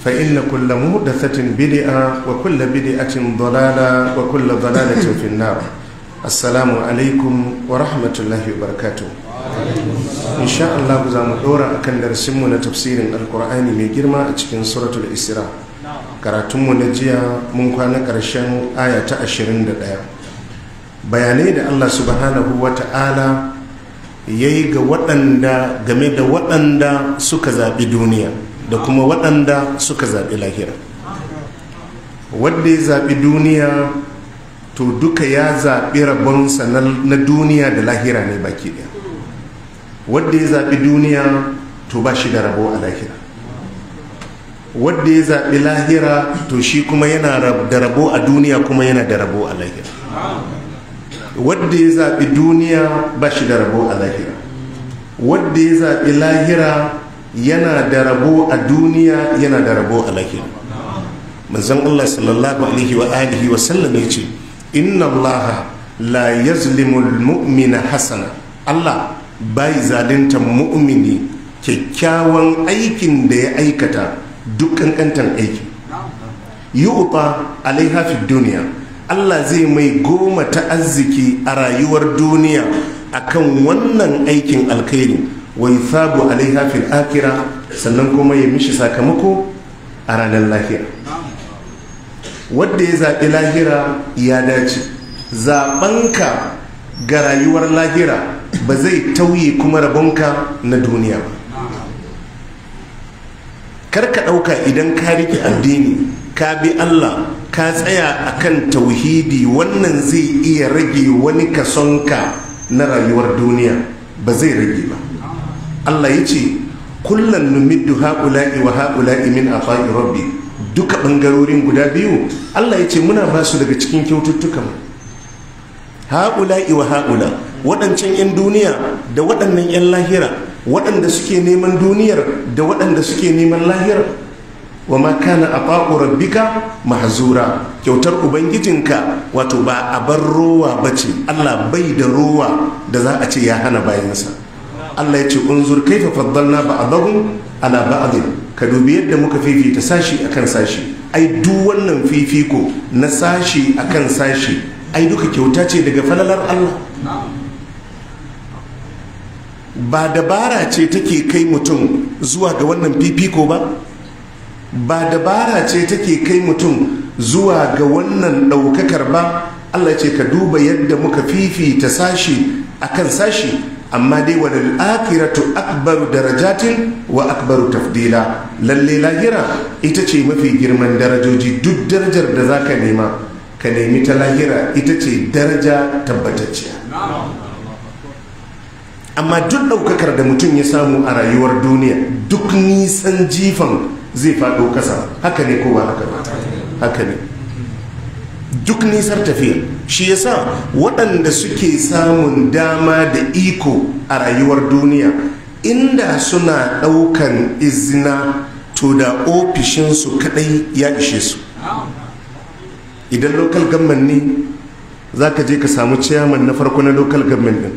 Fa inna kula mu da fatin bidi'a, wa kula bidi'atin dalala, wa kula dalala tsofin nara. Assalamu alaikum wa rahmatullahi wa barkatu. Insha'Allah mu za mu ɗora a kan darsinmu na tafsirin alkur'ani mai girma a cikin suratul isra Karatunmu na jiya mun kwana ƙarshen ayata ashirin da ɗaya. Bayanai da Allah subhanahu la Huwa) ya yi game da waɗanda suka zaɓi duniya. da kuma waɗanda suka zaɓi lahira wadda ya zaɓi duniya to duka ya zaɓi rabonsa na duniya da lahira ne baki ɗaya wadda ya zaɓi duniya to ba shi da rabo a lahira wadda ya zaɓi lahira to shi kuma yana da rabo a duniya kuma yana da rabo a lahira wadda ya zaɓi duniya ba shi da rabo a lahira wadda ya zaɓi lahira yana da rabo a duniya yana da rabo a lahira manzon Allah sallallahu alaihi wa alihi wa sallam ya ce inna Allah la yazlimu mumina hasana Allah bai zalinta mu'mini kyakkyawan aikin da ya aikata duk kankantan aiki yu'ta alaiha fi duniya Allah zai mai goma ta arziki a rayuwar duniya akan wannan aikin alkhairi wa a alaiha fil akira sannan kuma ya mishi sakamako a ranar lahira wanda ya zaɓi lahira ya dace zaɓanka ga rayuwar lahira ba zai tauye kuma rabonka na duniya ba ka ɗauka idan ka riƙe addini ka bi allah ka tsaya a kan tauhidi wannan zai iya rage wani kasonka na rayuwar duniya ba zai rage ba Allah ya ce kullum numiddu haƙula'i wa haƙula'i min a rabbi duka ɓangarorin guda biyu Allah ya ce muna ba su daga cikin kyaututtukan haƙula'i wa haƙula waɗancan 'yan duniya da waɗannan 'yan lahira waɗanda suke neman duniyar da waɗanda suke neman lahira wa ma kana ata'u rabbika mahzura kyautar ubangijinka wato ba a bar rowa ce. Allah bai da rowa da za a ce ya hana bayansa Allah ya ce unzur kaifa faddalna ba'dahum ala ba'd ka dubi yadda muka fifita sashi akan sashi ai duk wannan fifiko na sashi akan sashi ai duka kyauta ce daga falalar Allah ba dabara ce take kai mutum zuwa ga wannan fifiko ba ba dabara ce take kai mutum zuwa ga wannan ɗaukakar ba Allah ce ka duba yadda muka fifita sashi akan sashi amma dai wadal akiratu akbaru darajatin wa akbaru tafdila lalle lahira ita ce mafi girman darajoji duk darajar da za ka nema ka nemi ta lahira ita ce daraja tabbatacciya amma duk ɗaukakar da mutum ya samu a rayuwar duniya duk nisan jifan zai faɗo ƙasa haka ne ko ba haka ba haka ne duk nisar tafiya shi yasa waɗanda suke samun dama da iko a rayuwar duniya inda suna ɗaukan izina to da ofishinsu kaɗai ya ishe su idan local government ne za ka je ka samu ciyaman na farko na local government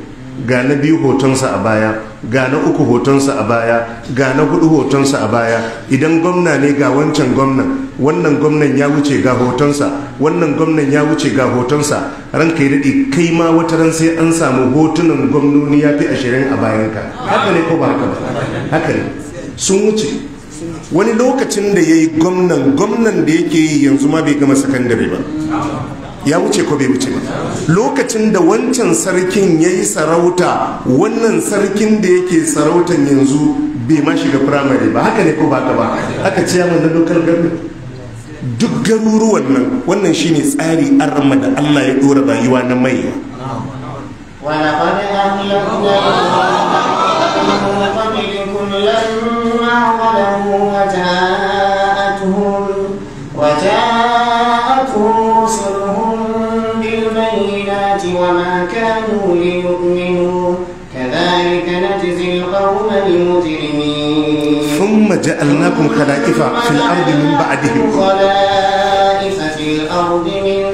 ga na biyu hotonsa a baya ga na uku hotonsa a baya ga na hudu hotonsa a baya idan gwamna ne ga wancan gwamnan wannan gwamnan ya wuce ga hotonsa wannan gwamnan ya wuce ga hotonsa ranka ya daɗe kai ma wata ran sai an samu hotunan gwamnoni ya fi ashirin a bayanka haka ne ko ba haka ba haka ne sun wuce wani lokacin da ya yi gwamnan gwamnan da yake yi yanzu ma bai gama sakandare ba ya wuce ko bai wuce ba lokacin da wancan sarkin ya yi sarauta wannan sarkin da yake sarautan yanzu bai ma shiga firamare ba haka ne ko ba ka ba aka ce yaman na lokal garin? duk garuruwan nan wannan shine tsari arma da allah ya dora rayuwa na mai ولقد وما كانوا ليؤمنوا كذلك نجزي القوم المجرمين ثم جعلناكم خلائف في الأرض من بعدهم خلائف في الأرض من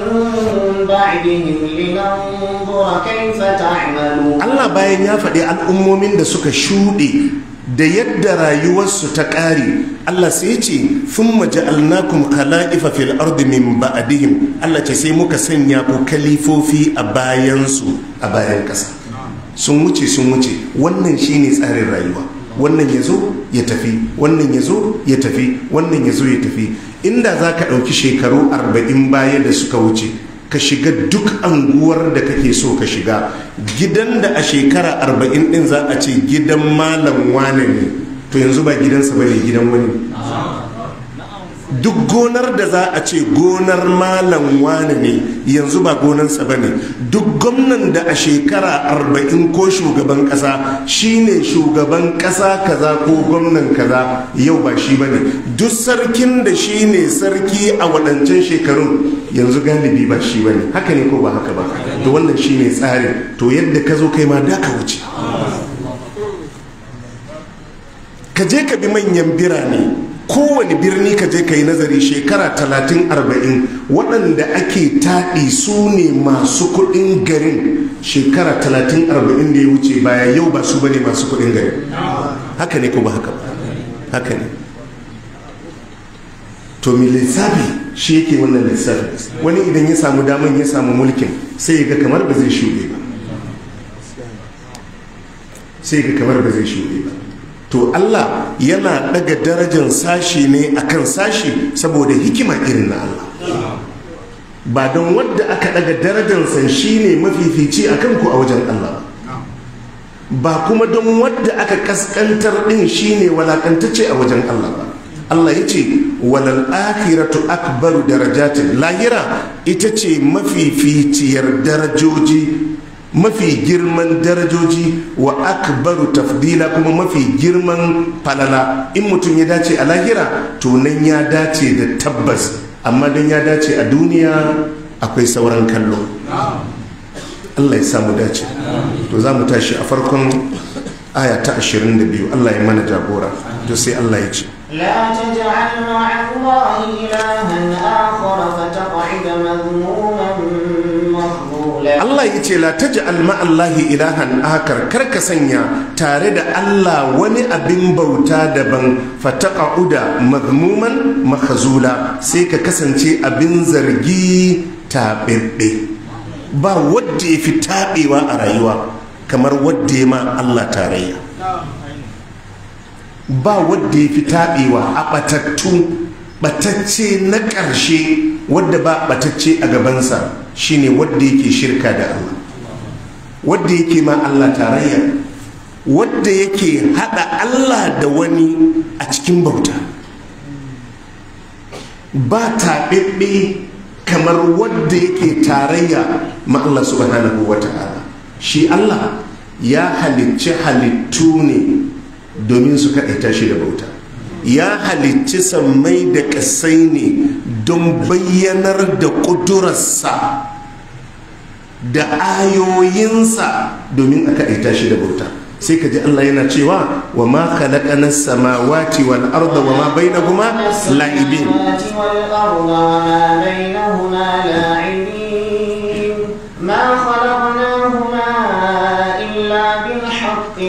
بعدهم لننظر كيف تعملون الله باين يا فدي الأمومين da suka shuɗe da yadda rayuwarsu ta ƙare Allah sai ce sun alnakun khala'ifa fil ardi min ba'dihim Allah ce sai muka sanya ku kalifofi a bayansu a bayan ƙasa sun wuce sun wuce wannan shine tsarin rayuwa wannan ya zo ya tafi wannan ya zo ya tafi wannan ya zo ya tafi inda za ka ɗauki shekaru arba'in baya da suka wuce ka shiga duk anguwar da kake so ka shiga gidan da a shekara arba'in din za a ce gidan malam wane ne to yanzu ba gidansa ba ne gidan wani duk gonar da za a ce gonar malam wani ne yanzu ba gonansa ba ne duk gwamnan da a shekara arba'in ko shugaban kasa shine shugaban kasa kaza ko gwamnan kaza yau ba shi ba ne duk sarkin da shi sarki a waɗancan shekarun yanzu galibi ba shi ba ne haka ne ko ba haka ba to wannan shi ne tsarin to yadda ka zo kai ma da ka wuce ka je ka bi manyan birane kowane birni ka je ka yi nazari shekara talatin arba'in waɗanda ake taɗi su ne masu kuɗin garin shekara talatin arba'in da ya wuce baya yau ba su bane masu kuɗin garin haka ne ko ba haka ba haka ne to mi lissafi shi yake wannan lissafi wani idan ya samu daman ya samu mulkin sai ya ga kamar ba zai shuɗe ba sai ga kamar ba zai shuɗe ba to Allah yana daga darajar sashi ne akan sashi saboda hikima irin na Allah ba don wadda aka daga san shi ne mafifici a kanku a wajen Allah ba kuma don wadda aka kaskantar ɗin shi ne walakantacce a wajen Allah ba Allah ya ce walal akhiratu akbaru darajatin lahira ita ce mafificiyar darajoji mafi girman darajoji wa akbaru tafdila kuma mafi girman falala in mutum ya dace a lahira to nan ya dace da tabbas amma don ya dace a duniya akwai sauran kallo Allah ya samu dace to za mu tashi a farkon aya ta ashirin da biyu. Allah ya mana jagora to sai Allah ya ce لا تجعل مع الله إلها آخر فتقعد مذموما Allah ya ce la taji alma'allahi ilahan akar kar ka sanya tare da Allah wani abin bauta daban uda mazmuman mahazula sai ka kasance abin zargi taɓeɓɓe ba wadda ya fi taɓewa a rayuwa kamar wadda ya ma Allah tarayya ba wadda ya fi taɓewa a ɓatattu ɓatacce na ƙarshe wadda ba batacce a gabansa shine wadda yake shirka da Allah wadda yake ma Allah tarayya wadda yake hada Allah da wani a cikin bauta ba taɓeɓe kamar wadda yake tarayya ma Allah subhanahu wa ta'ala shi Allah ya halicci halittu ne domin su kaɗaita shi da bauta ya halicci sammai da ƙasai ne don bayyanar da ƙudurarsa da ayoyinsa domin aka ita shi da bauta sai ka ji Allah yana cewa wa ma khalaqa samawati wal arda wa ma bainahuma la'ibin ما خلقناهما إلا بالحق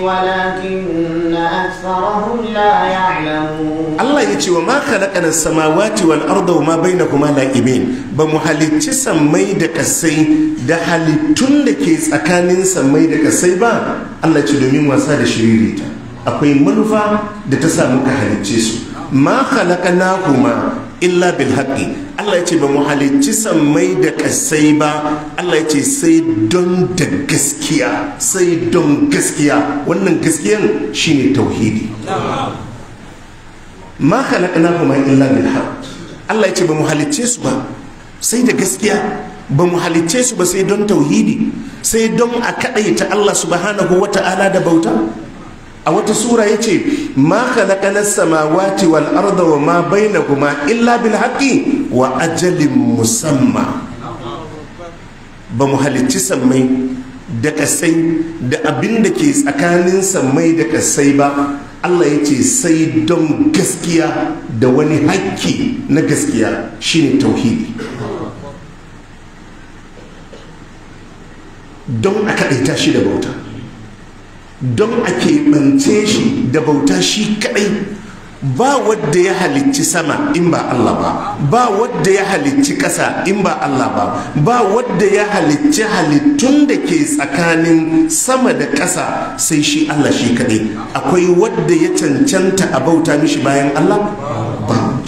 Allah ya ce wa ma khalaƙan samawati wal arda wa ma bai na kuma la'ibin ba mu halicci samai da kasai da halittun da ke tsakanin samai da kasai ba Allah ce domin wasa da shirin akwai manufa da ta samu ka halicce su ma khalaƙan na kuma illa bil haƙi Allah ya ce ba mu halicci mai da ƙasai ba Allah ya ce sai don da gaskiya sai don gaskiya wannan gaskiyan shine tauhidi ma kuma illa bil Allah ya ce ba mu halicce su ba sai da gaskiya ba mu halicce su ba sai don tauhidi sai don a kaɗaita Allah subhanahu wa ta'ala da bauta a wata sura ya ce ma khalaqana samawati wal arda wa ma bainahuma illa bil haqqi wa ajalin musamma ba mu halicci sammai da kasai da abin da ke tsakanin sammai da kasai ba Allah ya ce sai don gaskiya da wani haƙƙi na gaskiya shine tauhidi don aka ɗaita shi da bauta don a keɓance shi da bauta shi kaɗai ba wadda ya halicci sama in ba Allah ba ba wadda ya halicci ƙasa in ba Allah ba ba wadda ya halicci halittun da ke tsakanin sama da ƙasa sai shi Allah shi kaɗai akwai wadda ya cancanta a bauta mishi bayan Allah ba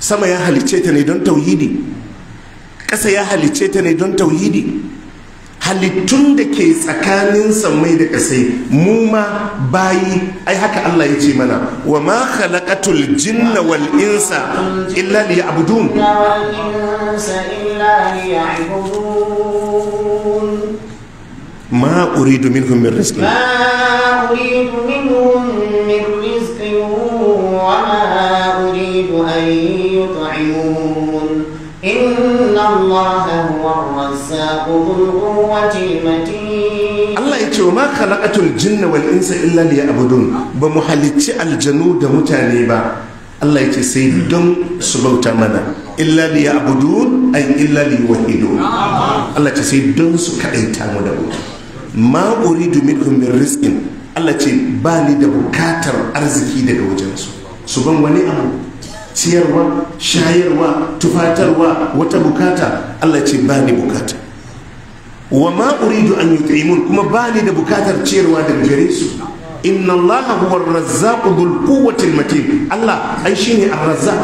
sama ya halicce ta ne don tauhidi ƙasa ya halicce ta ne don tauhidi halittun da ke tsakanin sammai da ƙasai mu ma bayi ai haka Allah ya ce mana wa ma khalaqatul jinna wal insa illa liya'budun ma uridu minhum min rizqin ma uridu minhum min rizqin wa ma uridu an yut'imun Allah ya ce wa ma khalaqatul jinna wal insa illa liya'budun ba mu halicci aljanu da mutane ba Allah ya ce sai don su bauta mana illa liya'budun ay illa liwahidun Allah ya ce sai don su kadaita mu da bauta ma uridu minhum min rizqin Allah ce ba ni da bukatar arziki daga wajensu su ban wani abu ciyarwa shayarwa tufatarwa wata bukata Allah ce ba ni bukata wa ma uridu an yut'imun kuma ba ni da bukatar ciyarwa daga gare su inna Allah huwa ar-razzaq dhul quwwati matin Allah ai shine ar-razzaq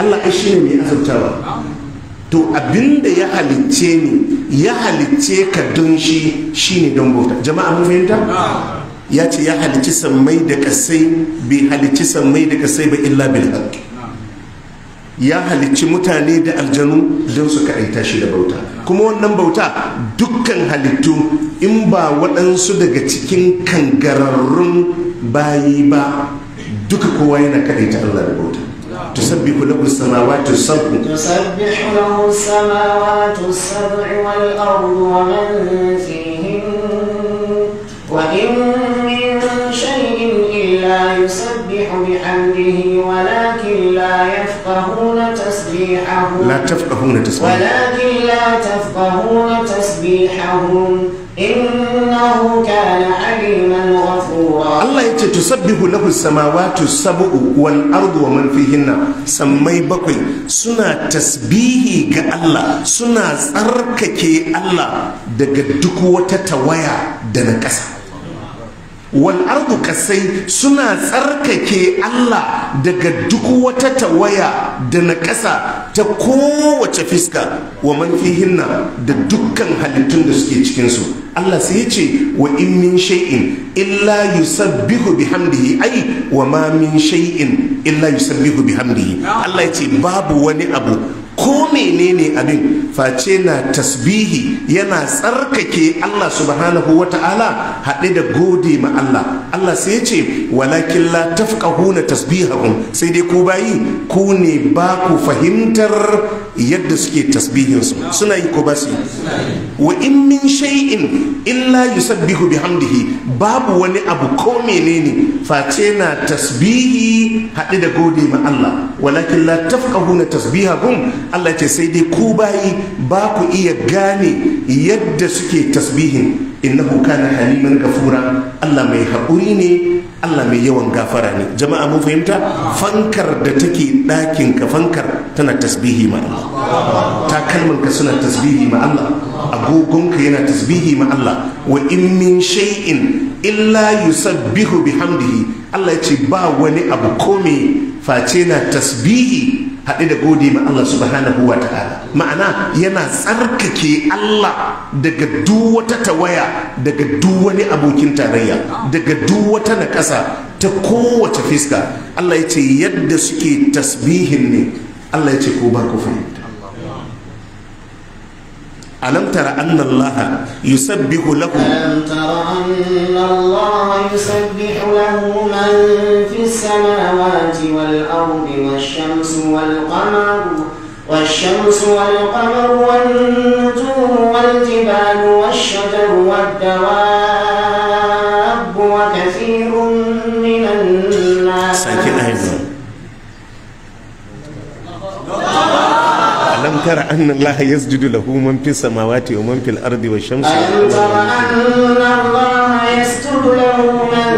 Allah ai shine mai azabtawa to abinda ya halicce ni ya halicce ka don shi shine don bauta jama'a mun fahimta ya ce ya halici sammai da kasai bai halici sammai da kasai ba illa bil ya halicci mutane da aljanu don su kaɗaita shi da bauta kuma wannan bauta dukkan halittu in ba waɗansu daga cikin kangararrun bayi ba duka kowa yana kaɗaita Allah da bauta تسبح له السماوات السبع تسبح له السماوات السبع والأرض ومن فيهن وإن يسبح بحمده ولكن لا يفقهون تسبيحهم لا تفقهون تسبيحهم ولكن لا تفقهون تسبيحهم إنه كان عليما غفورا الله يتي تسبح له السماوات السبع والأرض ومن فيهن سمي بقي سنة تسبيه الله سنة أركك الله دقدك وتتوايا دنكسر wal ardu kasai suna tsarkake Allah daga duk wata tawaya da na ƙasa ta kowace fiska wa man fi-hinna da dukkan halittun da suke cikinsu Allah sai ya ce wa in min shay'in illa yusabbihu bihamdihi ai wa ma min shay'in illa yusabbihu bihamdihi Allah ya ce babu wani abu ko menene abin face na tasbihi yana tsarkake Allah subhanahu wa ta'ala haɗe da gode ma Allah Allah sai ce walakin la tafqahuna tasbihahum sai dai ku bayi ku ne ba ku fahimtar yadda suke tasbihinsu suna yi ko basi wa in min shay'in illa yusabbihu bihamdihi babu wani abu ko menene face na tasbihi haɗe da gode ma Allah walakin la tasbiha tasbihahum Allah ce sai dai ku bayi ba ku iya gane yadda suke tasbihin innahu kana haliman gafura Allah mai haƙuri ne Allah mai yawan gafara ne jama'a mun fahimta fankar da take ɗakin ka fankar tana tasbihi ma Allah takalmanka suna tasbihi ma Allah agogonka yana tasbihi ma Allah wa in min shay'in illa yusabbihu bihamdihi Allah ya ce ba wani abu kome face na tasbihi haɗe da gode ma Allah subhanahu wa ta'ala ma'ana yana tsarkake Allah daga duk wata tawaya daga duk wani abokin tarayya daga duk wata naƙasa ta kowace fiska Allah ya ce yadda suke tasbihin ne الله يتكوبك فيه ألم ترى أن الله يسبح له ألم ترى أن الله يسبح له من في السماوات والأرض والشمس والقمر والشمس والقمر والنجوم والجبال والشجر والدواب وكثير من الناس ألم تر أن الله يسجد له من في السماوات ومن في الأرض والشمس ألم تر أن الله يسجد له من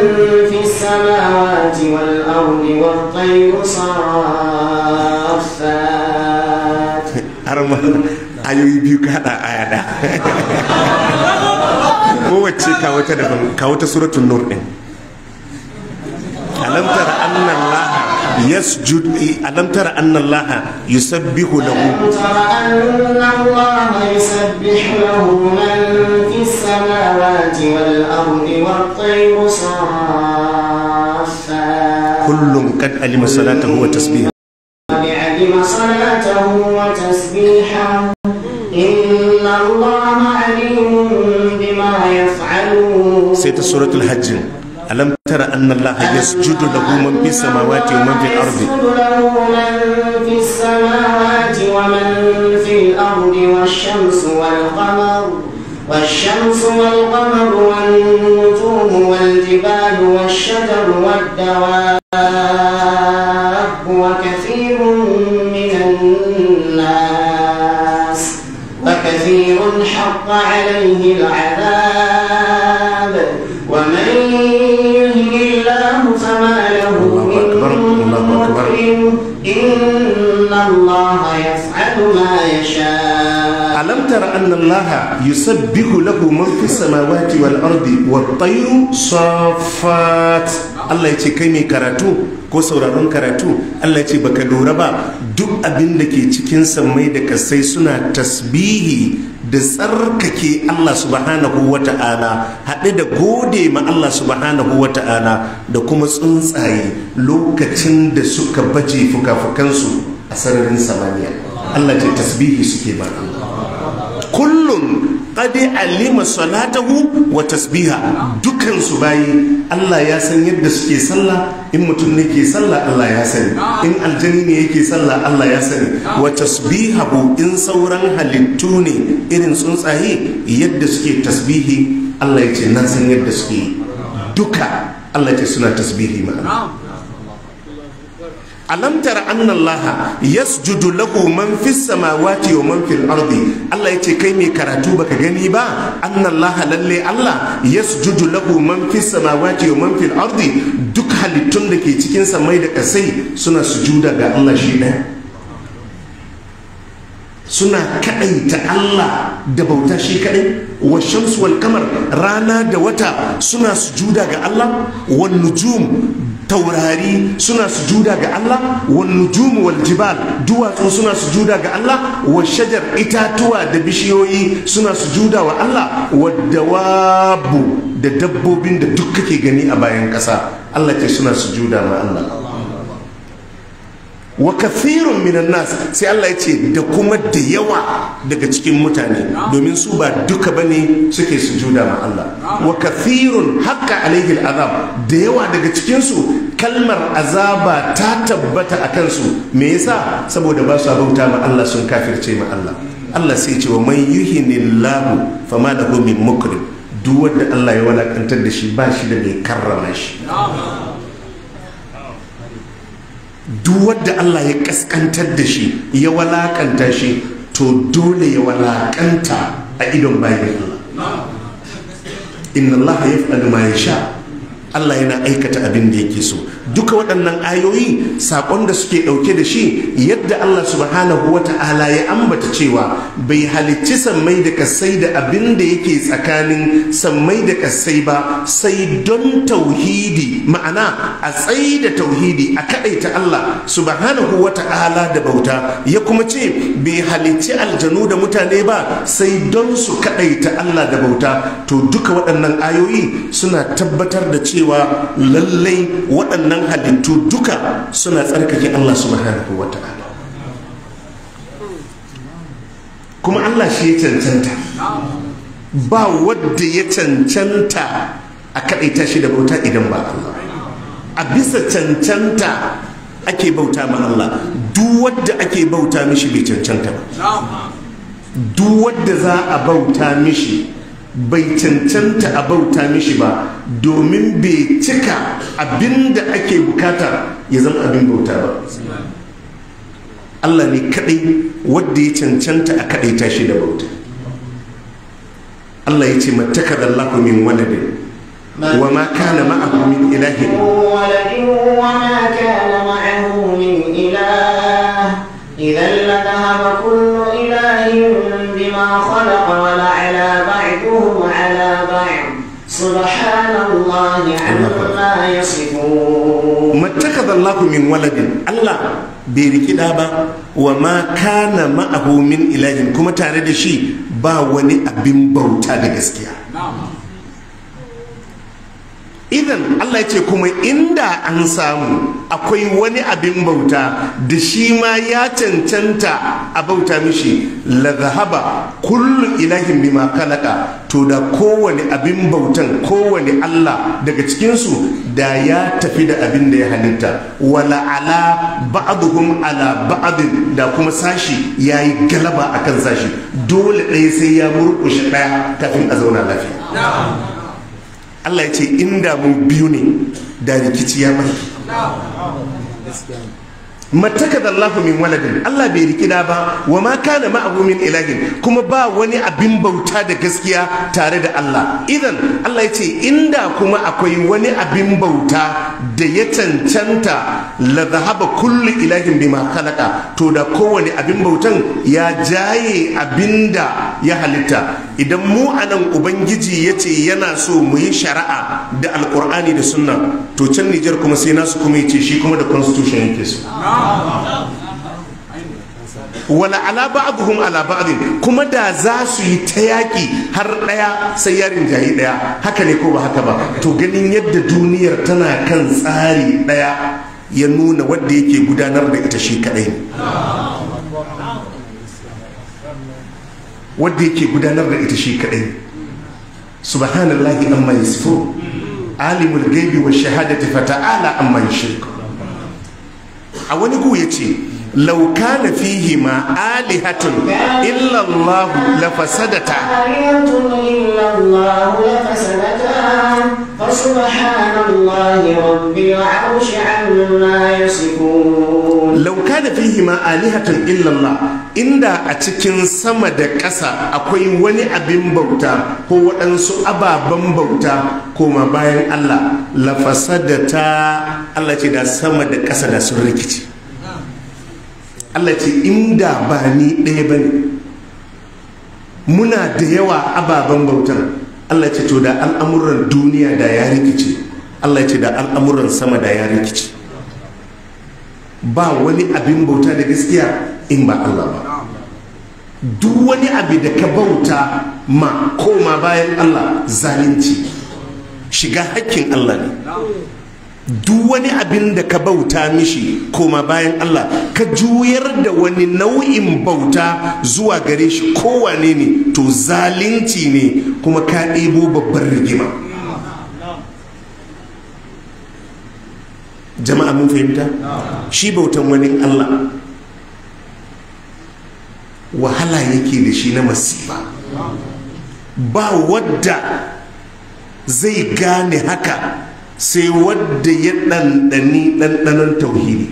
في السماوات والأرض والطير صافات أرمى أيوي بيوك هذا آيانا kowace kawo ta daban kawo ta suratul nur din alam tara anna يسجد ألم ترى أن الله يسبح له ألم ترى أن الله يسبح له من في السماوات والأرض والطير صافا كل قد علم صلاته وتسبيحه قد علم صلاته وتسبيحه إن الله عليم بما يفعلون سيد سورة الحج ألم تر أن الله يسجد له من في السماوات ومن في الأرض يسجد له من في السماوات ومن في الأرض والشمس والقمر والشمس والقمر والنجوم والجبال والشجر والدواب وكثير من الناس وكثير حق عليه العذاب مكرم إن الله يفعل ما يشاء ألم تر أن الله يسبح له من في Allah ya ce kai mai karatu ko sauraron karatu Allah ya ce baka lura ba duk abinda ke cikin mai da kasai suna tasbihi da tsarkake Allah subhanahu wa haɗe da gode ma Allah subhanahu wa da kuma tsuntsaye lokacin da suka baje fuka-fukansu a sararin samaniya Allah ce tasbihi suke ba kullum qadi alima salatahu wa tasbiha dukan su bayi Allah ya san yadda suke sallah in mutum ne ke sallah Allah ya sani in aljani ne yake sallah Allah ya sani wa tasbihahu in sauran halittu ne irin tsuntsaye yadda suke tasbihi Allah ya ce na san yadda suke duka Allah ya ce suna tasbihi ma'ana alam tara anna allaha yasjudu lahu man fis samawati wa man fil ardi Allah yace kai mai karatu baka gani ba anna allaha lalle Allah yasjudu lahu man fis samawati wa man fil ardi duk halittun da ke cikin samai da kasai suna sujuda ga Allah shi ne suna kaɗaita Allah da bauta shi kaɗai wa shamsu wal kamar rana da wata suna sujuda ga Allah wal nujum taurari suna sujuda ga Allah wa nujumu wal jibal duwatsu suna sujuda ga Allah wa shajar itatuwa da bishiyoyi suna sujuda wa Allah wa dawabu da dabbobin da duk kake gani a bayan ƙasa Allah ce suna sujuda ma Allah wa kafirun minan nas sai Allah ya ce da kuma da yawa daga cikin mutane domin su ba duka bane suke sujuda ma Allah wa kafirun haqqa alaihi al'azab da yawa daga cikinsu. kalmar azaba ta tabbata a kansu me yasa saboda ba su bauta ma Allah sun kafirce ma Allah Allah sai ce wa man yuhinillahu fama lahu min mukrim duk wanda Allah ya walakantar da shi ba shi da mai karrama shi duk wanda Allah ya kaskantar da shi ya walakanta shi to dole ya walakanta a idon bayan Allah inna Allah yaf'alu ma yasha Allah yana aikata abin da yake so duka waɗannan ayoyi saƙon da suke ɗauke da shi yadda Allah subhanahu wa ta'ala ya ambata cewa bai halicci sammai da kasai da abin da yake tsakanin sammai da kasai ba sai don tauhidi ma'ana a tsayi da tauhidi a kaɗaita Allah subhanahu wa ta'ala da bauta ya kuma ce bai halicci aljanu da mutane ba sai don su kaɗaita Allah da bauta to duka waɗannan ayoyi suna tabbatar da cewa cewa lallai waɗannan halittu duka suna tsarkake Allah subhanahu wa ta'ala kuma Allah shi ya cancanta ba wadda ya cancanta a kaɗaita shi da bauta idan ba Allah a bisa cancanta ake bauta ma Allah duk wadda ake bauta mishi bai cancanta ba duk wadda za a bauta mishi bai cancanta a bauta mishi ba domin bai cika abinda ake bukata ya zama abin bauta ba Allah ne kadai wadda ya cancanta a kadai tashi da bauta Allah ya ce mataka da Allah min waladin wa ma kana ma'ahu min ma abu min ilah idan la dhahaba kullu ilahin bima khalaqa wa la على بعض min الله عما bai riki da ba wa ma kana ma'ahu min ilahin kuma tare da shi ba wani abin bauta da gaskiya idan Allah ce kuma inda an samu akwai wani abin bauta da shi ma ya cancanta a bauta mishi la kullum kullu ilahin bima kalaka to da kowane abin bautan kowane Allah daga cikinsu da ya tafi da abin da ya halitta wala ala ba'aduhum ala baadin da kuma sashi ya yi galaba akan sashi dole ɗaya sai ya murƙushe ɗaya kafin a zauna lafiya Allah ya ce inda mu biyu ne da rikici ya mai da Allah min waladin Allah bai rikida ba wa ma kana ma'ahu min ilahin kuma ba wani abin bauta da gaskiya tare da Allah idan Allah ya ce inda kuma akwai wani abin bauta da ya cancanta la zahaba kullu ilahin bima khalaqa to da kowane abin bautan ya jaye abinda ya halitta idan mu a ubangiji ya ce yana so mu yi shari'a da alkur'ani da sunna to can nijar kuma sai nasu kuma ya ce shi kuma da constitution yake so wala ala ba'dhum ala ba'dhin kuma da za su yi ta yaƙi har ɗaya sai yarin jayi ɗaya haka ne ko ba haka ba to ganin yadda duniyar tana kan tsari ɗaya ya nuna wanda yake gudanar da ita shi kaɗai wadda yake gudanar da ita shi kadai subhanallahi amma sifo alimul gaibi wa shahadati fata'ala amma shirka a wani ku ce لو كان فيهما آلهة إلا الله لفسدتا آلهة إلا الله لفسدتا فسبحان الله رب العرش عما يصفون لو كان فيهما آلهة إلا الله inda a cikin sama da ƙasa akwai wani abin bauta ko waɗansu ababen bauta koma bayan Allah ta. Allah ce da sama da ƙasa da sun rikici Allah ce inda ba ni ɗaya ba ne muna da yawa ababen bautan Allah ce to da al'amuran duniya da ya rikice Allah ce da al'amuran sama da ya rikice ba wani abin bauta da gaskiya in ba Allah ba duk wani abu da ka bauta ma koma bayan Allah zalunci shiga hakkin Allah ne duk wani abin da ka bauta mishi koma bayan Allah ka juyar da wani nau'in bauta zuwa gare shi kowane ne to zalunci ne kuma ka ɗebo babbar rigima jama'a mun fahimta shi bautan wani Allah wahala yake da shi na masifa ba wadda zai gane haka sai wadda ya ɗanɗani ɗanɗanon tauhidi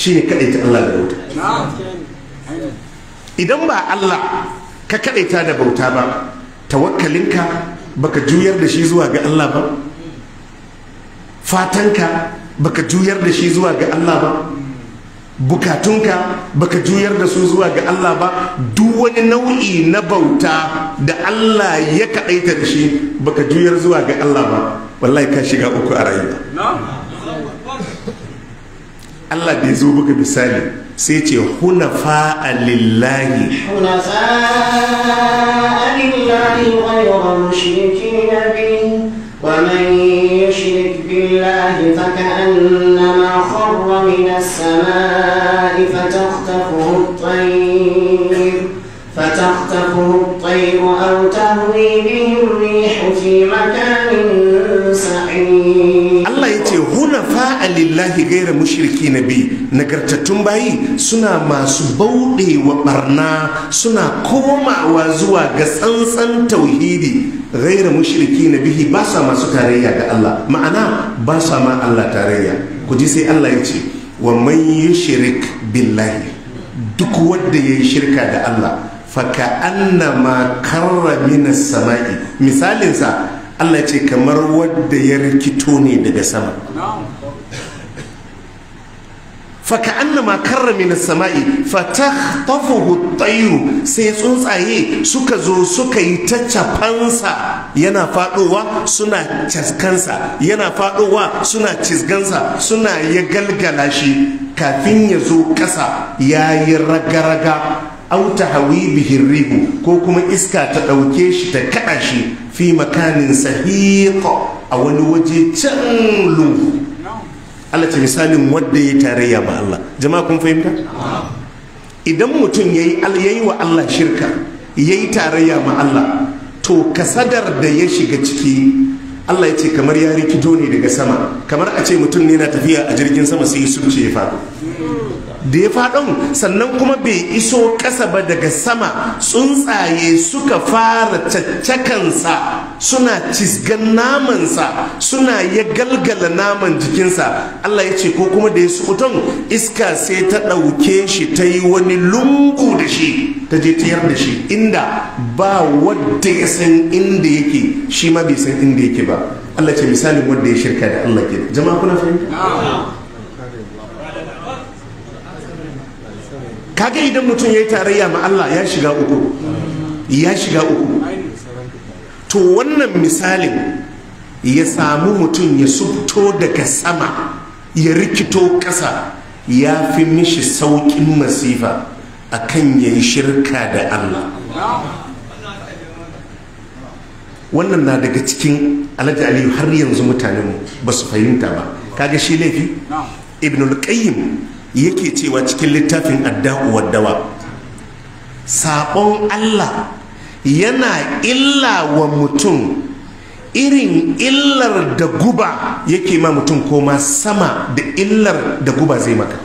shi ne kaɗaita Allah da bauta idan ba Allah ka kaɗaita da bauta ba tawakkalinka baka juyar da shi zuwa ga Allah ba fatanka baka juyar da shi zuwa ga Allah ba bukatunka baka juyar da su zuwa ga Allah ba duk wani nau'i na bauta da Allah ya kaɗaita da shi baka juyar zuwa ga Allah ba wallahi ka shiga uku a rayuwa Allah da ya zo buga misali sai ce huna fa'a lillahi huna fa'a lillahi wa yawan shirki na biyu ومن يشرك بالله فكأنما خر من السماء فتخطفه الطير فتخطفه الطير أو تهوي به الريح في مكان سعيد lillahi gaira mushriki na bi nagartattun bayi suna masu bauɗewa ɓarna suna komawa zuwa ga tsantsan tauhidi gaira mushriki na bihi ba sa masu tarayya da Allah ma'ana ba sa ma Allah tarayya ku ji sai Allah ya ce wa man yushrik billahi duk wanda yayi shirka da Allah faka annama karra minas sama'i misalinsa Allah ce kamar wadda ya rikito ne daga sama faka'annama karra min samai fatakhtafuhu at-tayru sai tsuntsaye suka zo suka yi ta cafansa yana fadowa suna ciskansa, yana fadowa suna cisgansa suna ya galgala shi kafin ya zo ƙasa yayi raga-raga auta hawi bihin rihu ko kuma iska ta ɗauke shi ta kaɗa shi fi makanin sahiqa a wani waje can lungu Allah ce misalin wanda ya tarayya ba Allah jama'a kun fahimta idan mutum yayi yayi wa Allah shirka ya yi tarayya ma Allah to kasadar da ya shiga ciki Allah ya ce kamar ya rikito ne daga sama kamar a ce mutum ne na tafiya a jirgin sama sai ya subce ya faɗo da ya faɗon sannan kuma bai iso ƙasa ba daga sama tsuntsaye suka fara caccakansa suna cisgan namansa suna ya galgala naman jikinsa Allah ya ce ko kuma da ya sukuton iska sai ta ɗauke shi ta yi wani lungu da shi ta je tayar da shi inda ba wadda ya san inda yake shi ma bai san inda yake ba Allah ce misalin wanda ya shirka da Allah ke jama'a kuna fahimta kaga idan mutum ya yi tarayya ma Allah ya shiga uku ya shiga uku to wannan misalin ya samu mutum ya subto daga sama ya rikito ƙasa ya fi mishi sauƙin masifa akan ya yi shirka da Allah wannan na daga cikin alhaji aliyu har yanzu mutanenmu ba su fahimta ba kaga shi laifi al qayyim yake cewa cikin littafin adda'u wadawa, sabon Allah yana illa wa mutum irin illar da guba yake ma mutum koma sama da illar da guba zai maka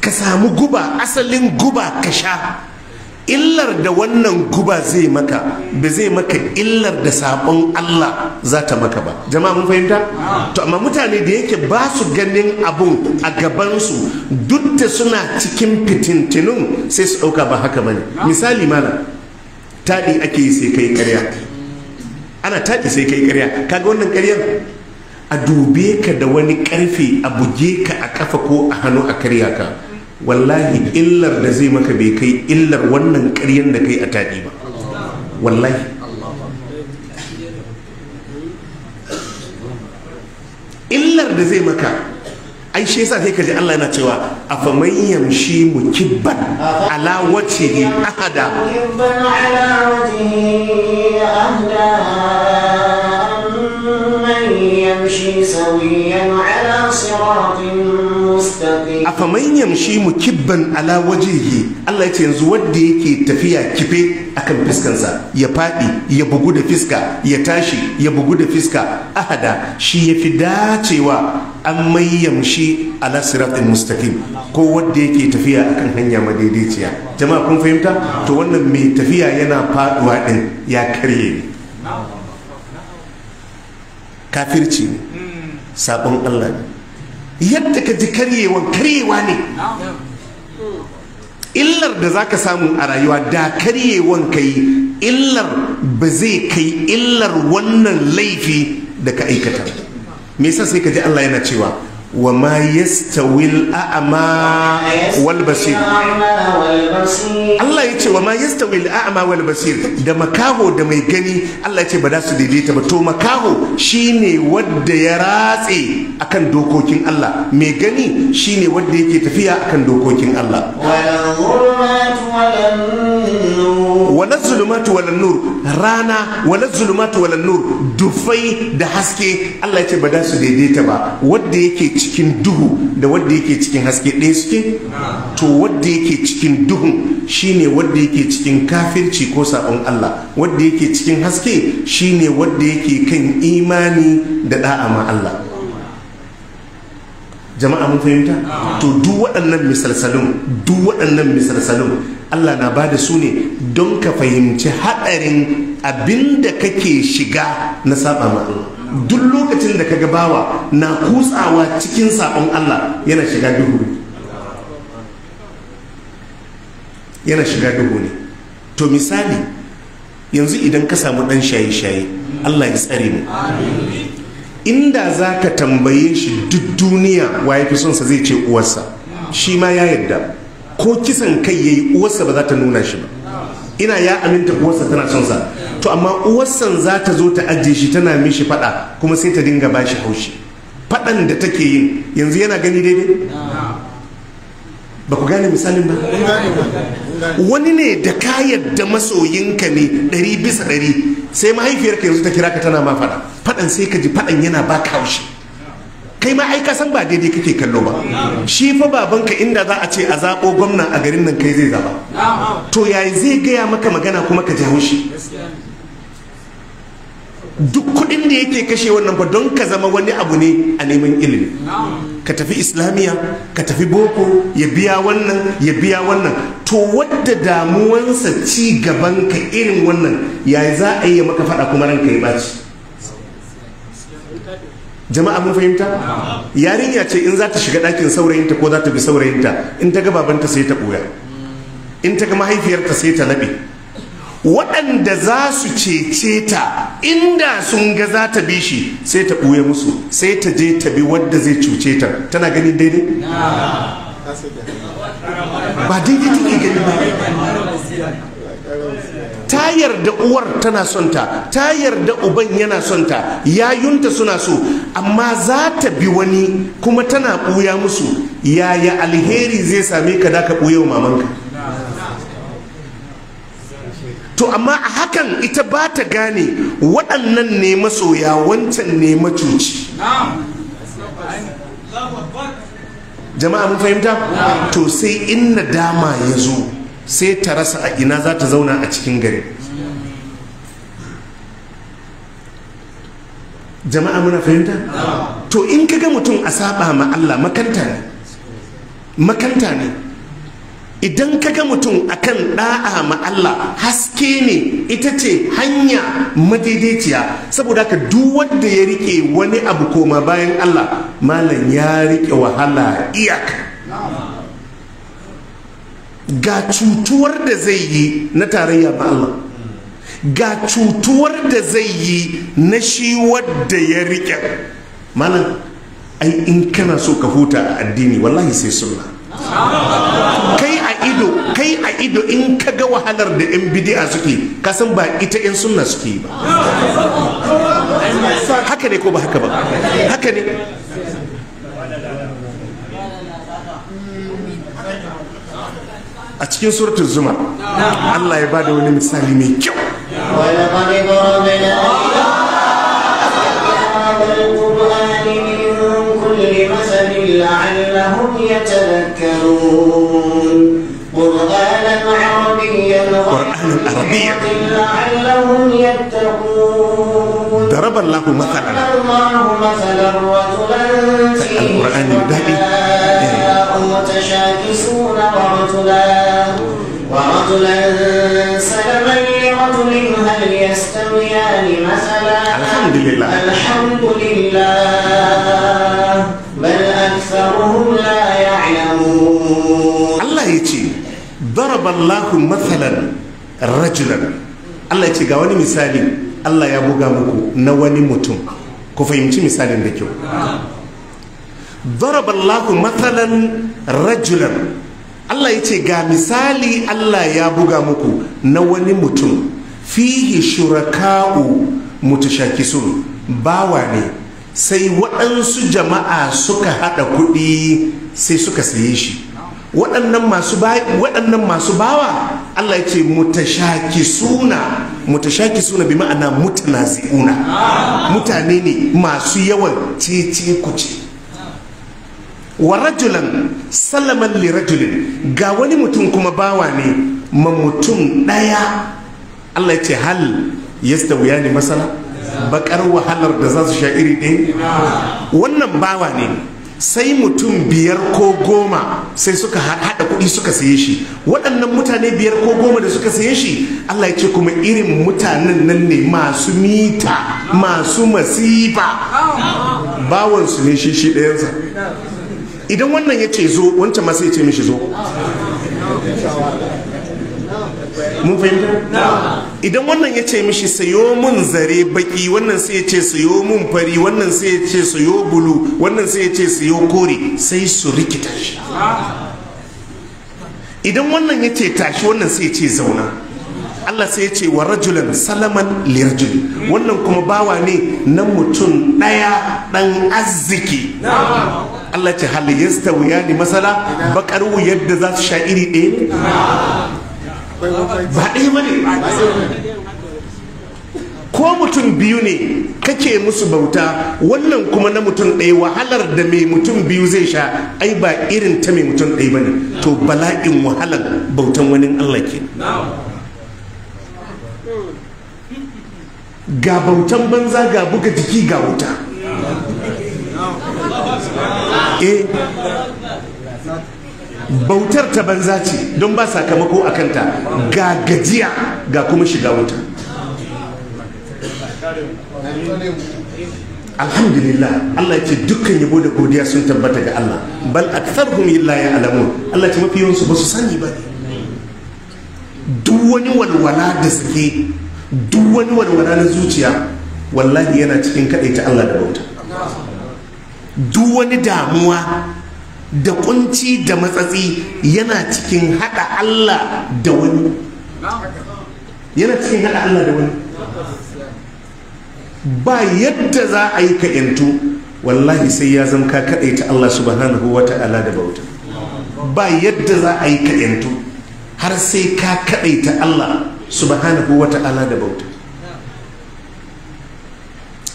ka samu guba asalin guba ka sha illar da wannan guba zai maka ba zai maka illar da sabon Allah za ta maka ba jama'a mun fahimta to amma mutane da yake ba su ganin abun a gabansu duk da suna cikin fitintinun sai su ɗauka ba haka bane misali mana taɗi ake yi sai kai ƙarya ana taɗi sai kai ƙarya kaga wannan ƙaryar a dube ka da wani ƙarfe a buge ka a kafa ko a hannu a karya ka wallahi illar da zai maka bai kai illar wannan ƙaryan da kai a taɗi ba wallahi illar da zai maka ai shi yasa sai ka ji Allah yana cewa afaman yamshi mukibban ala wajhihi ahada mukibban ala wajhihi ahada amman yamshi sawiyan ala siratin afaman yamshi kibban ala wajihi Allah yace yanzu wanda yake tafiya kife akan fiskansa ya fadi ya bugu da fiska ya tashi ya bugu da fiska ahada shi yafi dacewa an mai yamshi ala siratin mustaqim ko wanda yake tafiya akan hanya madaidaiciya jama'a kun fahimta to wannan mai tafiya yana faduwa din ya karye ne kafirci ne sabon Allah ne yadda ka ji karyewan karyewa ne illar da za ka samu a rayuwa da karyewan ka yi illar ba zai kai illar wannan laifi da ka aikata me yasa sai ka ji Allah yana cewa wa ma yastawil a'ma Allah ya ce wa ma yastawil a'ma da makaho da mai gani Allah ya ce ba za su daidaita ba to makaho shine wadda ya ratse akan dokokin Allah mai gani shine wanda yake tafiya akan dokokin Allah wala zulumatu wala nur rana wala zulumatu wala nur dufai da haske Allah ya ce ba da su daidaita ba wanda yake cikin duhu da wanda yake cikin haske ɗaya suke to wanda yake cikin duhu shine wanda yake cikin kafirci ko sabon Allah wanda yake cikin haske shine wanda yake kan imani da da'a ma Allah jama'a mun fahimta to duk waɗannan misalsalun duk waɗannan misalsalun Allah na bada su ne don ka fahimci haɗarin abinda kake shiga na saba ma duk lokacin da ka gabawa na kutsawa cikin sabon Allah yana shiga duhu yana shiga duhu ne to misali yanzu idan ka samu ɗan shaye-shaye Allah ya tsare mu inda za ka tambaye shi duk duniya wa ya fi sa zai ce uwarsa shi ma ya yarda ko kisan kai yayi uwarsa ba za ta nuna shi ba ina ya aminta uwarsa tana son sa to amma uwarsan za ta zo ta ajiye shi tana mishi fada kuma sai ta dinga bashi haushi fadan da take yin yanzu yana gani daidai ba ku gane misalin ba wani ne da ka yadda masoyinka ne ɗari bisa ɗari sai mahaifiyarka yanzu ta kira ka tana ma faɗa faɗan sai ka ji faɗan yana ba haushi kai ma ai san ba daidai kake kallo ba shi fa babanka inda za a ce a zaɓo gwamna a garin nan kai zai zaɓa to yayi zai gaya maka magana kuma ka ji haushi duk kuɗin da yake kashe wannan ba don ka zama wani abu ne a neman ilimi ka tafi islamiyya ka tafi boko ya biya wannan ya biya wannan to wadda damuwansa ci gaban ka irin wannan yayi za a yi maka faɗa kuma ranka ya baci. jama'a mun fahimta yarinya ce in za ta shiga ɗakin saurayinta ko za ta bi saurayinta in ta ga babanta sai ta ɓoya in ta ga mahaifiyarta sai ta laɓe waɗanda za su cece ta inda sun ga za ta bi shi sai ta ɓoye musu sai ta je ta bi wadda zai cuce ta tana gani daidai ba daidai take gani ba Tayar da uwar tana son ta ta yarda uban yana son ta yayunta suna so amma za ta bi wani kuma tana ɓuya musu yaya alheri zai same ka da ka ɓuya wa mamanka to amma a hakan ita ba ta gane waɗannan ne masoya wancan ne macuci jama'a mun fahimta to sai in nadama ya zo sai ta rasa a ina za ta zauna a cikin gari jama'a muna fahimta to in kaga mutum a saba ma Allah makanta ne makanta ne idan kaga mutum akan ɗa'a ma Allah haske ne ita ce hanya madaidaiciya saboda haka duk wanda ya rike wani abu koma bayan Allah malam ya rike wahala iyaka ga cutuwar da zai yi na tarayya ba Allah ga cutuwar da zai yi na shi wadda ya riƙe malam ai in kana so ka huta a addini wallahi sai sunna kai a ido kai a ido in ka ga wahalar da yan bidi'a suke kasan ba ita yan sunna suke ba haka ne ko ba haka ba haka ne a cikin suratul zuma Allah ya bada wani misali mai kyau قرآنا عربيا لعلهم يتقون ضرب الله مثلا الله مثلا رجلا في القرآن متشاكسون ورجلا رجلا سلما لرجل هل يستويان مثلا الحمد لله الحمد لله بل أكثرهم لا يعلمون الله يجي ضرب الله مثلا رجلا Allah ya ce ga wani misali Allah ya buga muku na wani mutum ku fahimci misalin da kyau daraballahu mathalan rajulan Allah ya ce ga misali Allah ya buga muku na wani mutum fihi shuraka'u mutashakisun bawa ne sai waɗansu jama'a suka haɗa kuɗi sai suka saye shi waɗannan masu bawa Allah ya ce mutashakisuna mutashakisuna bi ma'ana mutanazi'una mutane ne masu yawan cece kuce wa rajulan salaman li rajulin ga wani mutum kuma bawa ne ma mutum ɗaya Allah ya ce hal yasta wuya ne masala bakar wahalar da za su sha iri ɗaya wannan bawa ne sai mutum biyar ko goma sai suka haɗa kuɗi suka saye shi waɗannan mutane biyar ko goma da suka saye shi Allah ya ce kuma irin mutanen nan ne masu mita masu masifa bawansu ne shi shi ɗayansa idan wannan ya ce zo wancan masu sai ya ce mishi zo mun fahimta idan wannan ya ce mishi sayo mun zare baki wannan sai ya ce sayo mun fari wannan sai ya ce sayo bulu wannan sai ya ce sayo kore sai su rikita shi idan wannan ya ce tashi wannan sai ya ce zauna Allah sai ya ce wa rajulan salaman lirjul wannan kuma bawa ne na mutum ɗaya ɗan arziki Allah ce hal wuya ni masala bakar wuyar da za su sha iri ɗaya ne ba ɗaya ne. ko mutum biyu ne kake musu bauta wannan kuma na mutum ɗaya wahalar da mai mutum biyu zai sha ai ba irin ta mai mutum ɗaya ne to bala'in wahalar bautan wani Allah ke ga bautan banza ga buga jiki ga wuta eh bautar ta banza ce don ba sakamako a kanta ga gajiya ga kuma shiga wuta alhamdulillah Allah ce dukkan yabo da godiya sun tabbata ga Allah bal aktharuhum illa alamu Allah ce mafi yawansu ba su sani ba duk wani walwala da suke duk wani walwala na zuciya wallahi yana cikin kaɗai ta Allah da bauta duk wani damuwa da kunci da matsatsi yana cikin hada Allah da wani yana cikin hada Allah da wani ba yadda za a yi ka wallahi sai ya zama ka ta Allah subhanahu wa ta'ala da bauta ba yadda za a yi ka har sai ka ta Allah subhanahu wa ta'ala da bauta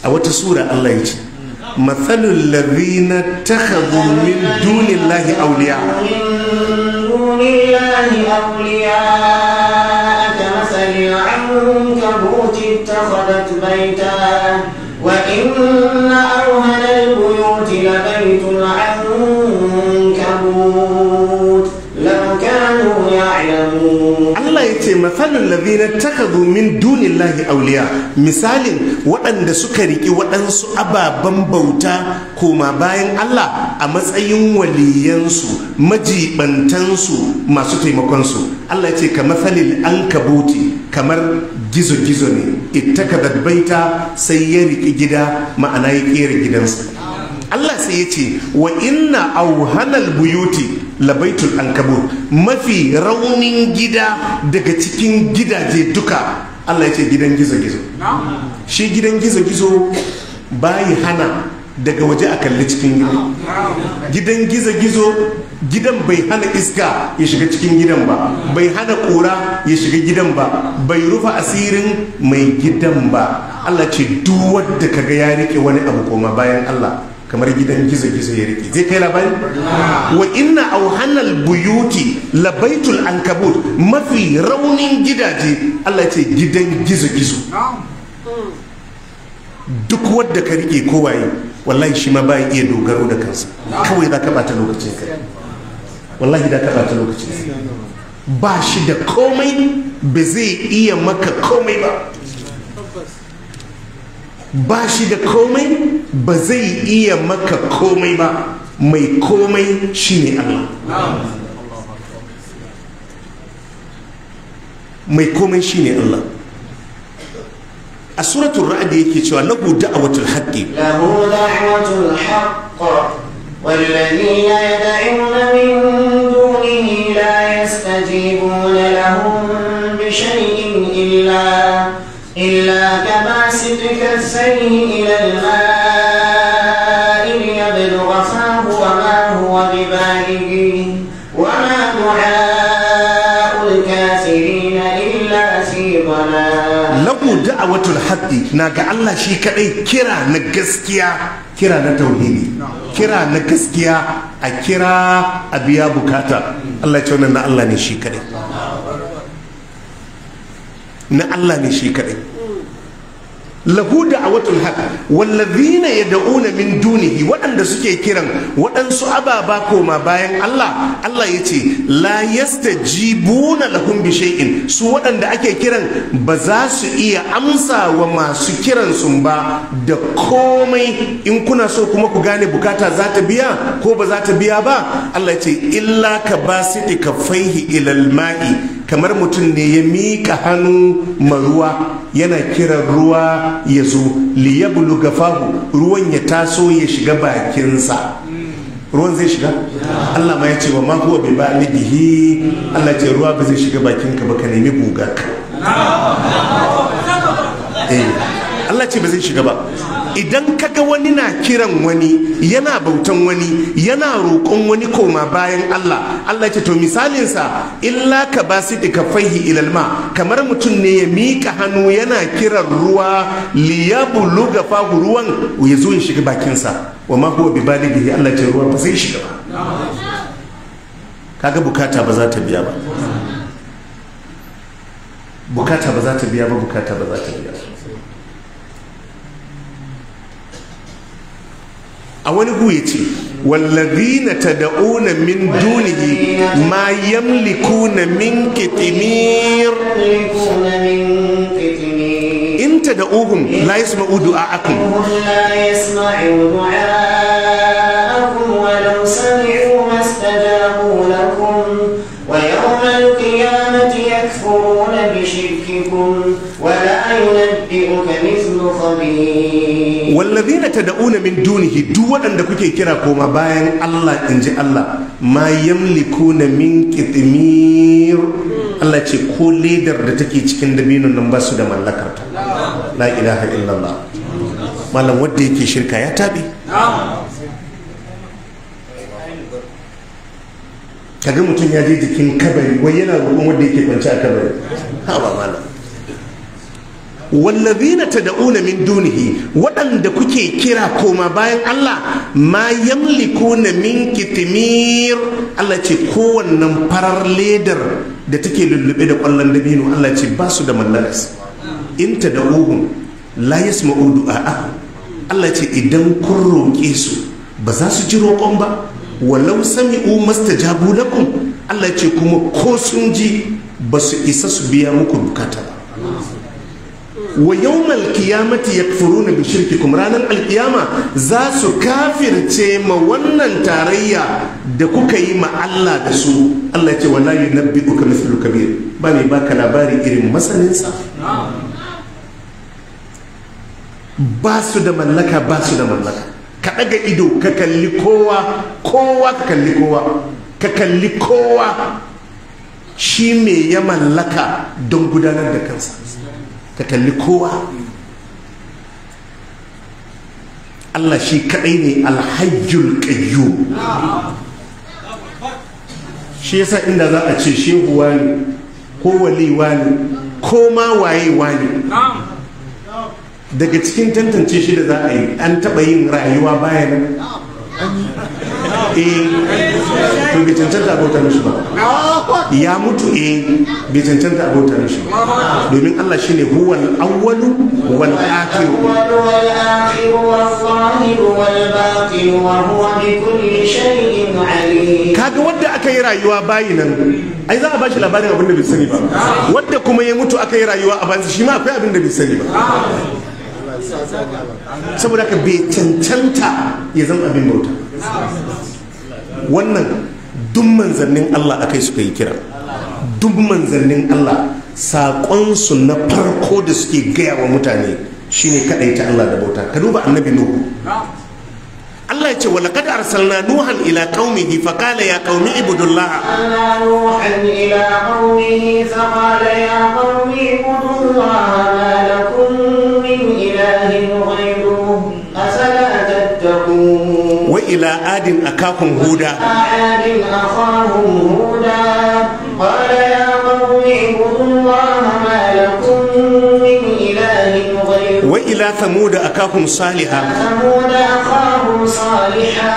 a wata sura Allah ya ce مثل الذين اتخذوا من دون الله أولياء من دون الله أولياء كمثل العنكبوت اتخذت بيتا وإن أرهن البيوت لبيت العنكبوت ce matsalin taka domin min dunillahi auliya misalin waɗanda suka riƙi waɗansu ababen bauta koma bayan Allah a matsayin waliyansu majibantansu masu taimakonsu Allah ce ka matsalin an kabuti kamar gizo-gizo ne ita baita sai ya riƙi gida ma'ana ya ƙera gidansa Allah sai ya ce wa inna auhanal buyuti labaitul ankabu mafi raunin gida daga cikin gidaje duka Allah ya ce gidan gizo-gizo shi gidan gizo-gizo bayi hana daga waje a kalli cikin gida gidan gizo-gizo gidan bai hana iska ya shiga cikin gidan ba bai hana kura ya shiga gidan ba bai rufe asirin mai gidan ba allah ce duk wadda kaga ya rike wani abu koma bayan allah kamar gidan gizo-gizo ya rike zai kai labari wa inna auhanal buyuti labaitul ankabut mafi raunin gidaje Allah ce gidan gizo-gizo duk wadda ka rike kowaye wallahi shi ma bai iya dogaro da kansa kawai za ka bata lokacin kai wallahi za ka bata lokacin kai ba shi da komai ba zai iya maka komai ba ba shi da komai ba zai iya maka komai ba mai komai shi ne Allah mai komai shi ne Allah a suratun ra'adi yake cewa lahu da'awatul haqqi lahu da'awatul yi والذين يدعون يجتني إلى الماء ليبلغ فاه وما هو ببالغه وما دعاء الكافرين إلا kira na tauhidi kira na gaskiya a kira a biya bukata Allah ce wannan na Allah ne shi kadai na Allah ne shi kadai lahu da da'awatul haq wallazina yad'una min dunihi waɗanda suke kiran waɗansu ababa koma bayan Allah Allah yace la yastajibuna lahum lahun shay'in su waɗanda ake kiran ba za su iya amsa wa masu kiran sun ba da komai in kuna so kuma ku gane bukata za ta biya ko ba za ta biya ba Allah yace illa ka basiti kaffaihi ilal ma'i kamar mutum ne ya miƙa hannu ma ruwa yana kiran ruwa ya zo liyabulu gafahu ruwan ya taso ya shiga bakinsa ruwan zai shiga Allah ma ya ce wa mako bai ba bihi. Allah ce ruwa ba zai shiga bakinka ba ka nemi guga eh. Allah ce ba zai shiga ba idan kaga wani na kiran wani yana bautan wani yana roƙon wani koma bayan Allah Allah ce to misalinsa illa ka basi ka fahi ilalma kamar mutum ne ya miƙa hannu yana kiran ruwa luga fahu ruwan ya zo ya shiga bakinsa wa ma huwa bi balighi Allah ce ruwan ba zai shiga ba kaga bukata ba za ta biya ba bukata ba za ta biya ba bukata ba za ta biya a wani gu ya ce wallazina tad'una min dunihi ma yamlikuna min qitmir in tad'uhum la yasma'u du'a'akum la yasma'u du'a'akum wa law sami'u mastajabu lakum wa yawma al-qiyamati yakfuruna bi shirkikum wa la yunabbi'uka mithlu khabir ta dauna min dunihi duk waɗanda kuke kira koma bayan Allah inji Allah ma na min qitmir Allah ce ko ledar da take cikin dabinon nan ba su da mallakarta. ta la ilaha illallah malam wanda yake shirka ya Ka kaga mutum ya je jikin kabari wai yana roƙon wanda yake kwance a kabari ha ba malam wallazina tad'una min dunihi waɗanda kuke kira koma bayan Allah ma yamlikuna min kitmir Allah ce kowannan farar ledar da take lullube da kwallon dabino Allah ce ba su da mallakas in tad'uhum la yasma'u du'a Allah ce idan kun roƙe su ba za su ji roƙon ba walau sami'u mastajabu lakum Allah ce kuma ko sun ji ba su isa su biya muku bukata ba wa yawmal qiyamati yakfuruna bi shirkikum ranar alkiyama za su kafirce ma wannan tarayya da kuka yi ma Allah da su Allah ce wala yunabbi'uka mithlu kabir ba ne baka labari irin sa ba su da mallaka ba su da mallaka ka daga ido ka kalli kowa kowa ka kalli kowa ka kalli kowa shi me ya mallaka don gudanar da kansa ka kalli kowa Allah shi kaɗai ne alhajjul ƙayyu shi yasa inda za a ce shehu wani ko wali wani ko ma waye wani daga cikin tantance shi da za a yi an taɓa yin rayuwa bayan eh to bi cancanta abota mishi ba ya mutu eh bai cancanta abota shi domin Allah ne huwal awwalu wal akhiru wal akhir wal batin wa huwa bi kulli shay'in kaga wanda aka yi rayuwa bayi nan ai za a bashi labarin abin da bai sani ba wanda kuma ya mutu aka yi rayuwa a bansa shi ma akwai abin da bai sani ba saboda ka bai cancanta ya zama abin bauta wannan duk manzannin Allah akai suka yi kira duk manzannin Allah su na farko da suke gaya wa mutane shine ta Allah da bauta ka duba annabi nuhu Allah ya ce wa laqad arsalna nuhan ila qaumihi fa qala ya qaumi ibudullah nuhan ila qaumihi fa qala ya qaumi ibudullah ma lakum min ilahin ila adin akahum huda adin akahum huda qala ya qawmi ibudullaha ma lakum min ilahin ghayru wa ila thamud akahum saliha thamud akahum saliha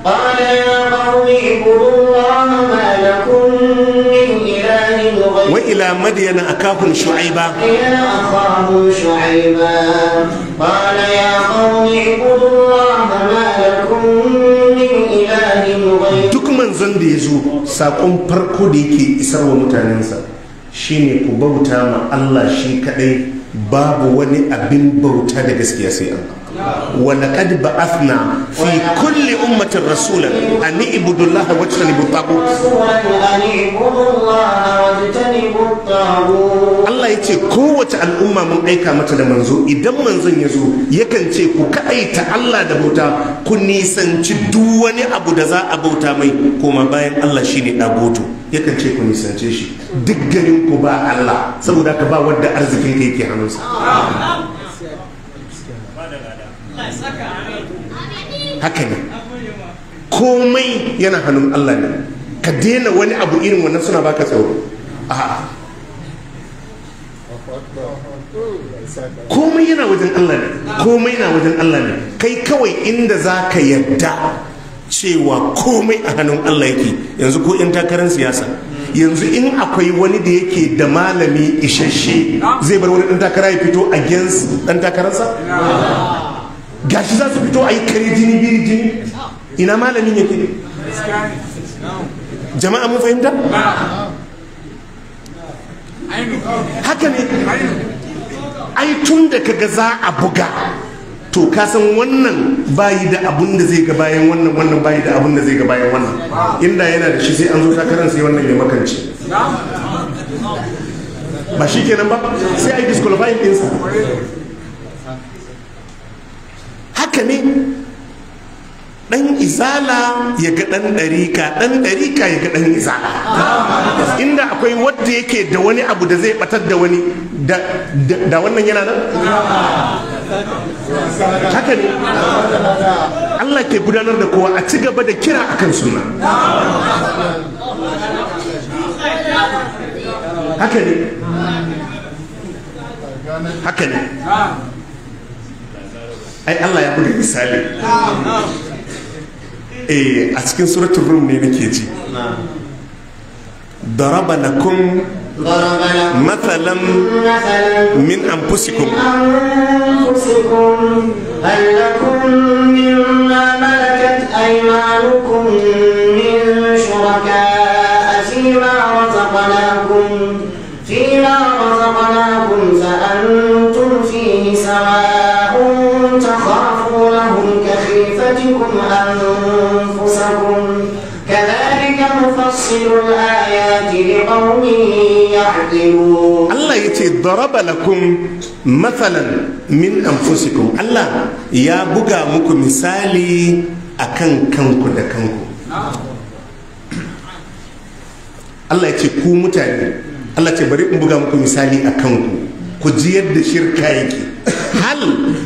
qala ya qawmi ibudullaha ma lakum min ilahin ghayru wa ila madyana akahum shu'aiba قال يا قوم اعبدوا الله ما zan da ya zo saƙon farko da yake isar wa mutanensa ne ku bauta ma Allah shi kaɗai babu wani abin bauta da gaskiya sai Allah ولقد بعثنا في كل أمة رسولا أن اعبدوا الله واجتنبوا الطاغوت Allah ya ce kowace al'umma mun aika mata da manzo idan manzon ya zo yakan ce ku ka'aita Allah da bauta ku nisanci duk wani abu da za a bauta mai koma bayan Allah shine goto. yakan ce ku nisance shi duk garin ku ba Allah saboda ka ba wadda arzikin ka hannun hannunsa haka ne komai yana hannun Allah ne ka daina wani abu irin wannan suna baka tsoro a komai yana wajen Allah ne komai yana wajen Allah ne kai kawai inda za ka yadda cewa komai a hannun Allah yake yanzu ko in takarar siyasa yanzu in akwai wani da yake da malami isasshe zai bar wani dan takara ya fito against dan takararsa gashi za su fito a yi kare jini biri jini ina malamin yake ne jama'a mun fahimta haka ne ai tun da kaga za a buga to kasan wannan bayi da abun da zai ga bayan wannan wannan bayi da abun da zai ga bayan wannan inda yana da shi sai an zo takarar sai wannan ya makance ba shi kenan ba sai a yi disqualifying ɗinsa haka ne dan izala ya ga dan ɗarika dan ɗarika ya ga dan izala inda akwai wadda yake da wani abu da zai batar da wani da wannan yana nan haka ne Allah ke gudanar da kowa a ci gaba da kira akan suna haka ne haka ne ai Allah ya bude misali eh a cikin suratul rum ne nake ji daraba lakum mathalan min anfusikum فيما رزقناكم daraba lakum mathalan min anfusikum Allah ya buga muku misali akan kanku da kanku Allah ya ce ku mutane Allah ce bari in buga muku misali a kanku ku ji yadda shirka yake hal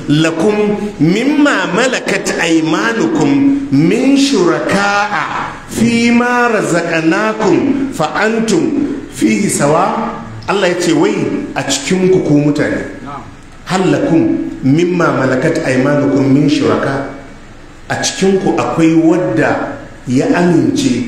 lakum mimma malakat aymanukum min shuraka'a fi ma razaqnakum fa antum Allah ya ce wai a cikin ku mutane hallakun mimma malakat aimanukum min shuraka a cikin ku akwai wadda ya amince